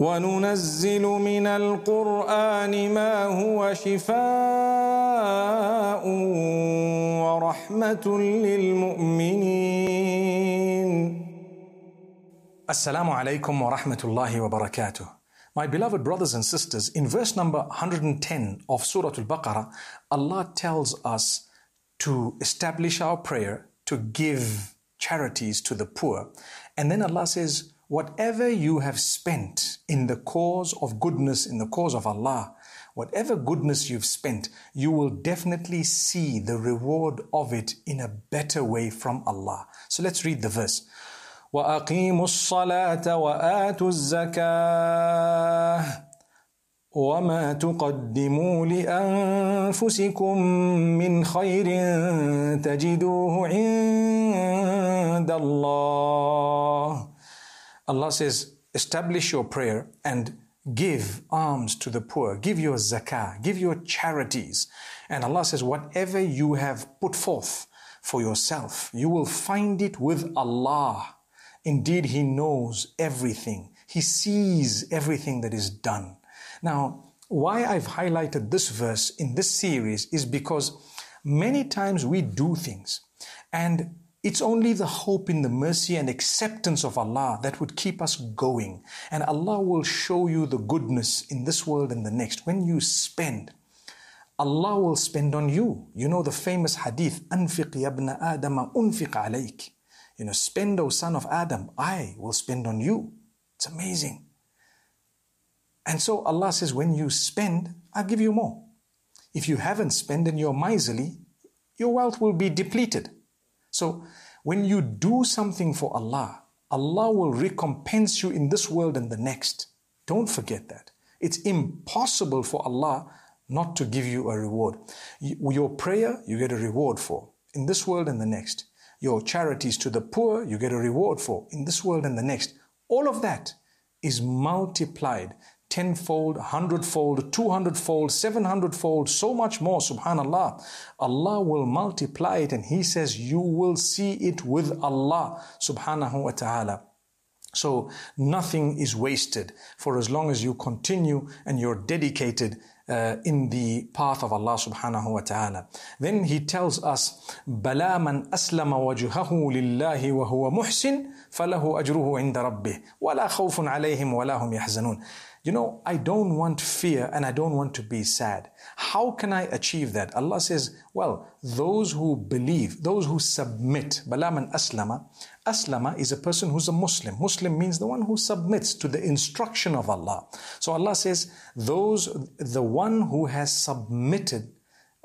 وننزل من القرآن ما هو شفاء ورحمة للمؤمنين السلام عليكم ورحمة الله وبركاته My beloved brothers and sisters, in verse number 110 of Surah Al-Baqarah, Allah tells us to establish our prayer to give charities to the poor. And then Allah says, whatever you have spent in the cause of goodness, in the cause of Allah, whatever goodness you've spent, you will definitely see the reward of it in a better way from Allah. So let's read the verse. وأقيموا الصلاة وآتوا الزكاة وما تقدموا لأنفسكم من خير تجدوه عند الله Allah says, establish your prayer and give alms to the poor, give your zakah, give your charities. And Allah says, whatever you have put forth for yourself, you will find it with Allah. Indeed, He knows everything. He sees everything that is done. Now, why I've highlighted this verse in this series is because many times we do things and it's only the hope in the mercy and acceptance of Allah that would keep us going. And Allah will show you the goodness in this world and the next. When you spend, Allah will spend on you. You know the famous hadith, أنفق يا ابن آدم أنفق عليك. You know, spend, O son of Adam, I will spend on you. It's amazing. And so Allah says, when you spend, I'll give you more. If you haven't spent and you're miserly, your wealth will be depleted. So when you do something for Allah, Allah will recompense you in this world and the next. Don't forget that. It's impossible for Allah not to give you a reward. Your prayer, you get a reward for in this world and the next. Your charities to the poor, you get a reward for in this world and the next. All of that is multiplied tenfold, hundredfold, two hundredfold, seven hundredfold, so much more, subhanAllah. Allah will multiply it and He says, You will see it with Allah, subhanahu wa ta'ala. So nothing is wasted for as long as you continue and you're dedicated uh, in the path of Allah subhanahu wa ta'ala. Then he tells us, بَلَا مَنْ أَسْلَمَ وَجْهَهُ لِلَّهِ وَهُوَ مُحْسِنٌ فَلَهُ أَجْرُهُ عِنْدَ رَبِّهِ وَلَا خَوْفٌ عَلَيْهِمْ وَلَا هُمْ يَحْزَنُونَ you know, I don't want fear and I don't want to be sad. How can I achieve that? Allah says, well, those who believe, those who submit. Balaman aslama. Aslama is a person who's a Muslim. Muslim means the one who submits to the instruction of Allah. So Allah says, those, the one who has submitted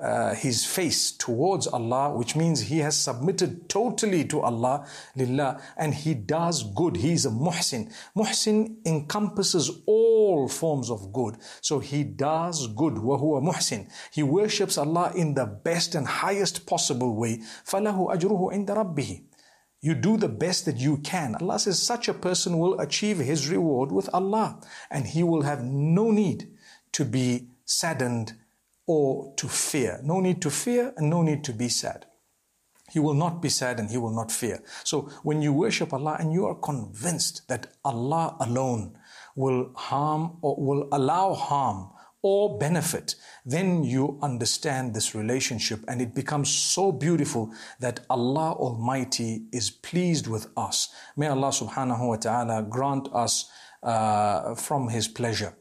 uh, his face towards Allah, which means he has submitted totally to Allah, lillah, and he does good. He is a muhsin. Muhsin encompasses all forms of good. So he does good. وَهُوَ muhsin. He worships Allah in the best and highest possible way. Falahu ajruhu عِنْدَ رَبِّهِ you do the best that you can. Allah says such a person will achieve his reward with Allah and he will have no need to be saddened or to fear. No need to fear and no need to be sad. He will not be sad and he will not fear. So when you worship Allah and you are convinced that Allah alone will harm or will allow harm or benefit, then you understand this relationship and it becomes so beautiful that Allah Almighty is pleased with us. May Allah subhanahu wa ta'ala grant us uh, from His pleasure.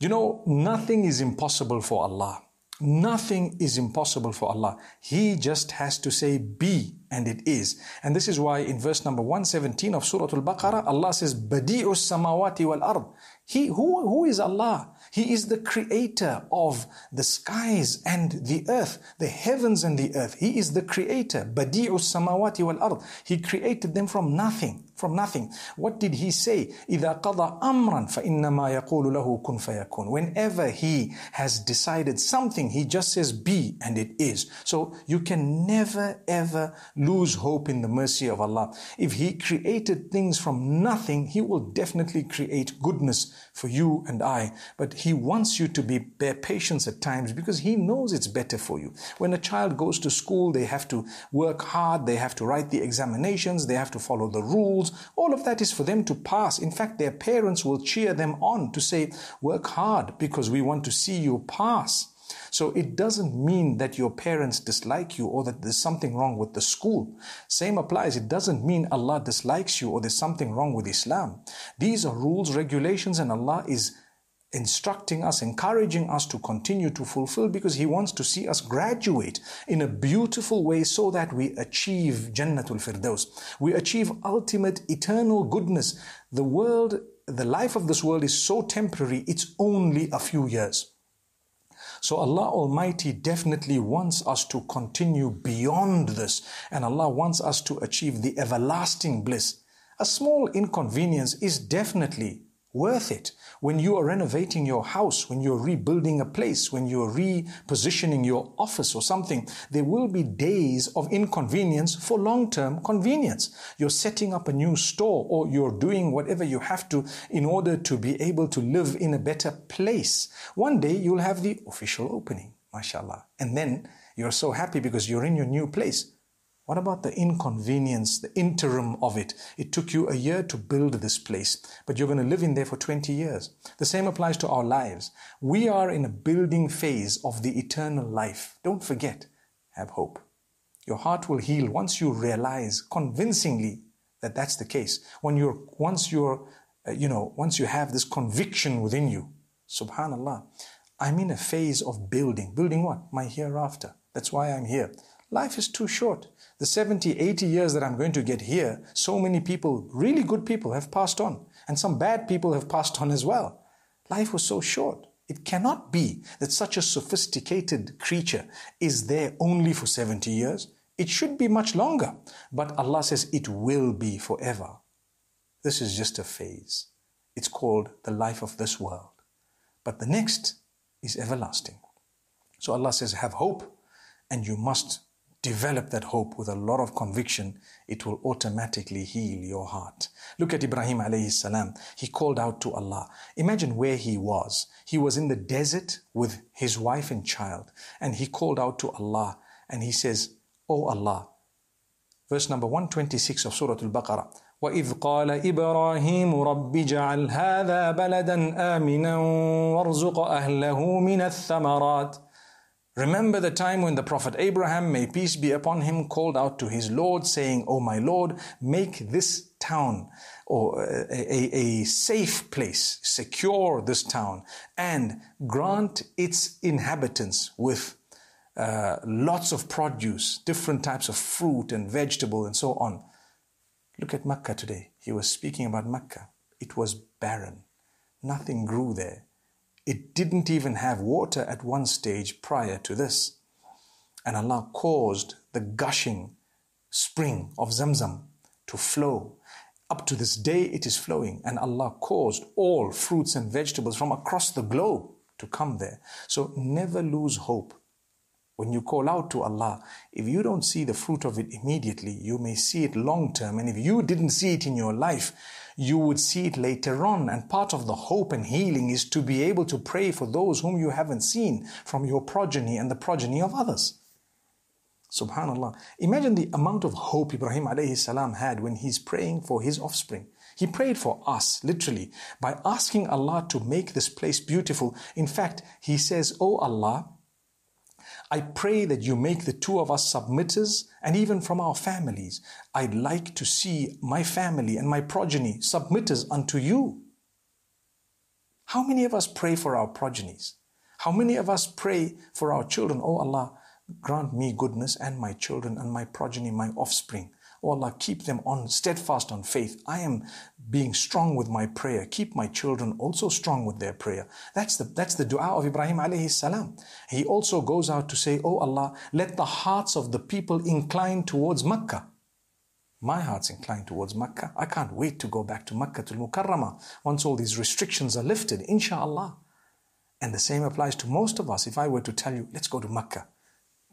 You know, nothing is impossible for Allah. Nothing is impossible for Allah. He just has to say be and it is. And this is why in verse number 117 of Surah Al-Baqarah, Allah says, Badi'us samawati wal ard. He, who, who is Allah? He is the creator of the skies and the earth, the heavens and the earth. He is the creator. Badi'us samawati wal ard. He created them from nothing, from nothing. What did he say? إِذَا قَضَى أَمْرًا فَإِنَّمَا يَقُولُ لَهُ كُنْ فَيَكُونُ Whenever he has decided something, he just says be and it is. So you can never ever lose hope in the mercy of Allah. If He created things from nothing, He will definitely create goodness for you and I. But He wants you to be bear patience at times because He knows it's better for you. When a child goes to school, they have to work hard, they have to write the examinations, they have to follow the rules. All of that is for them to pass. In fact, their parents will cheer them on to say, work hard because we want to see you pass. So it doesn't mean that your parents dislike you or that there's something wrong with the school. Same applies. It doesn't mean Allah dislikes you or there's something wrong with Islam. These are rules, regulations, and Allah is instructing us, encouraging us to continue to fulfill because He wants to see us graduate in a beautiful way so that we achieve Jannatul Firdaus. We achieve ultimate eternal goodness. The world, the life of this world is so temporary, it's only a few years. So Allah Almighty definitely wants us to continue beyond this. And Allah wants us to achieve the everlasting bliss. A small inconvenience is definitely worth it. When you are renovating your house, when you're rebuilding a place, when you're repositioning your office or something, there will be days of inconvenience for long-term convenience. You're setting up a new store or you're doing whatever you have to in order to be able to live in a better place. One day you'll have the official opening, mashallah. And then you're so happy because you're in your new place. What about the inconvenience, the interim of it? It took you a year to build this place, but you're going to live in there for 20 years. The same applies to our lives. We are in a building phase of the eternal life. Don't forget, have hope. Your heart will heal once you realize convincingly that that's the case. When you're, once you're, uh, you know, once you have this conviction within you, subhanallah, I'm in a phase of building. Building what? My hereafter. That's why I'm here. Life is too short the 70, 80 years that I'm going to get here, so many people, really good people, have passed on. And some bad people have passed on as well. Life was so short. It cannot be that such a sophisticated creature is there only for 70 years. It should be much longer. But Allah says it will be forever. This is just a phase. It's called the life of this world. But the next is everlasting. So Allah says, have hope and you must develop that hope with a lot of conviction, it will automatically heal your heart. Look at Ibrahim alayhi salam. He called out to Allah. Imagine where he was. He was in the desert with his wife and child, and he called out to Allah and he says, O oh Allah. Verse number 126 of Surah Al-Baqarah. وإذ قال إبراهيم رب اجعل هذا بلدا آمنا وارزق أهله من الثمرات Remember the time when the Prophet Abraham, may peace be upon him, called out to his Lord, saying, O my Lord, make this town or a, a, a, safe place, secure this town, and grant its inhabitants with uh, lots of produce, different types of fruit and vegetable, and so on. Look at Mecca today. He was speaking about Mecca. It was barren, nothing grew there. It didn't even have water at one stage prior to this. And Allah caused the gushing spring of Zamzam to flow. Up to this day, it is flowing, and Allah caused all fruits and vegetables from across the globe to come there. So never lose hope. When you call out to Allah, if you don't see the fruit of it immediately, you may see it long term. And if you didn't see it in your life, you would see it later on. And part of the hope and healing is to be able to pray for those whom you haven't seen from your progeny and the progeny of others. Subhanallah. Imagine the amount of hope Ibrahim alayhi salam had when he's praying for his offspring. He prayed for us, literally, by asking Allah to make this place beautiful. In fact, he says, O oh Allah, I pray that you make the two of us submitters and even from our families. I'd like to see my family and my progeny submitters unto you. How many of us pray for our progenies? How many of us pray for our children? Oh Allah, grant me goodness and my children and my progeny, my offspring. O oh Allah, keep them on steadfast on faith. I am being strong with my prayer. Keep my children also strong with their prayer. That's the, that's the dua of Ibrahim alayhi salam. He also goes out to say, Oh Allah, let the hearts of the people incline towards Makkah. My heart's inclined towards Makkah. I can't wait to go back to Makkah to Mukarramah once all these restrictions are lifted, inshallah. And the same applies to most of us. If I were to tell you, let's go to Makkah,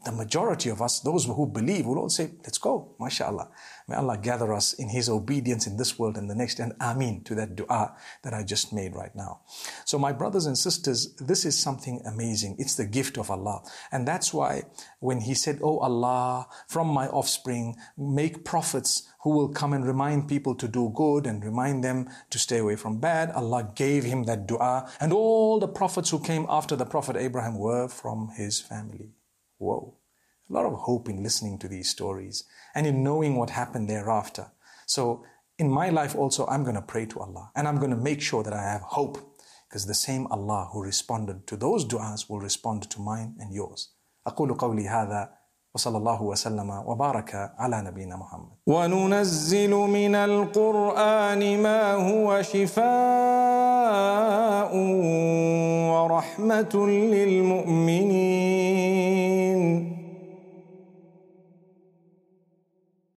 the majority of us, those who believe, will all say, let's go, mashallah. May Allah gather us in His obedience in this world and the next, and ameen to that dua that I just made right now. So my brothers and sisters, this is something amazing. It's the gift of Allah. And that's why when He said, Oh Allah, from my offspring, make prophets who will come and remind people to do good and remind them to stay away from bad. Allah gave him that dua and all the prophets who came after the Prophet Abraham were from his family. Whoa. A lot of hope in listening to these stories and in knowing what happened thereafter. So in my life also, I'm going to pray to Allah and I'm going to make sure that I have hope because the same Allah who responded to those du'as will respond to mine and yours. أقول قولي هذا وصلى الله وسلم وبارك على نبينا محمد وننزل من القرآن ما هو شفاء ورحمة للمؤمنين